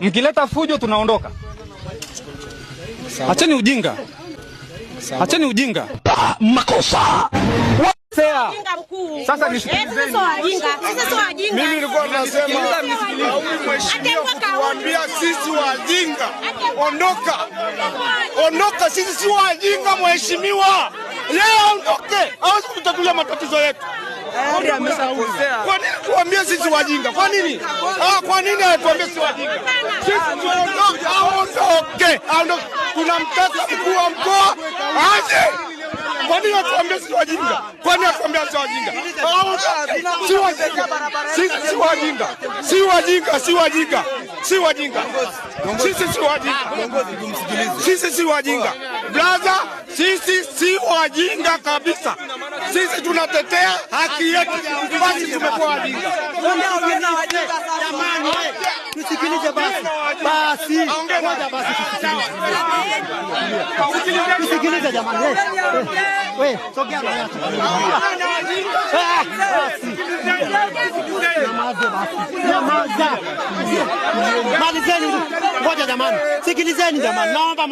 Mkileta fujo tunaondoka. Acheni ujinga, acheni ujinga makosa. Sasa nisikilizeni, sisi wajinga, ondoka, ondoka, sisi si wajinga mheshimiwa leo aondoke, hawezi kututatulia matatizo yetu. Kwa nini tuambie sisi wajinga? Kwa nini? Ah, kwa nini atuambie sisi wajinga? Sisi tuondoke, aondoke, aondoke. Tunamtaka mkuu wa mkoa aje kwa nini atuambia sisi wajinga? Kwa nini atuambia sisi wajinga? Si wajinga, si wajinga, si wajinga, si wajinga, si wajinga, sisi si wajinga, sisi si wajinga. Blaza, sisi si wajinga kabisa. Sisi tunatetea haki yetu, basi tumekuwa wajinga. Tusikilize basi basi, tusikilize jamani. Wewe sogea malizeni. Ngoja jamani, sikilizeni jamani, naomba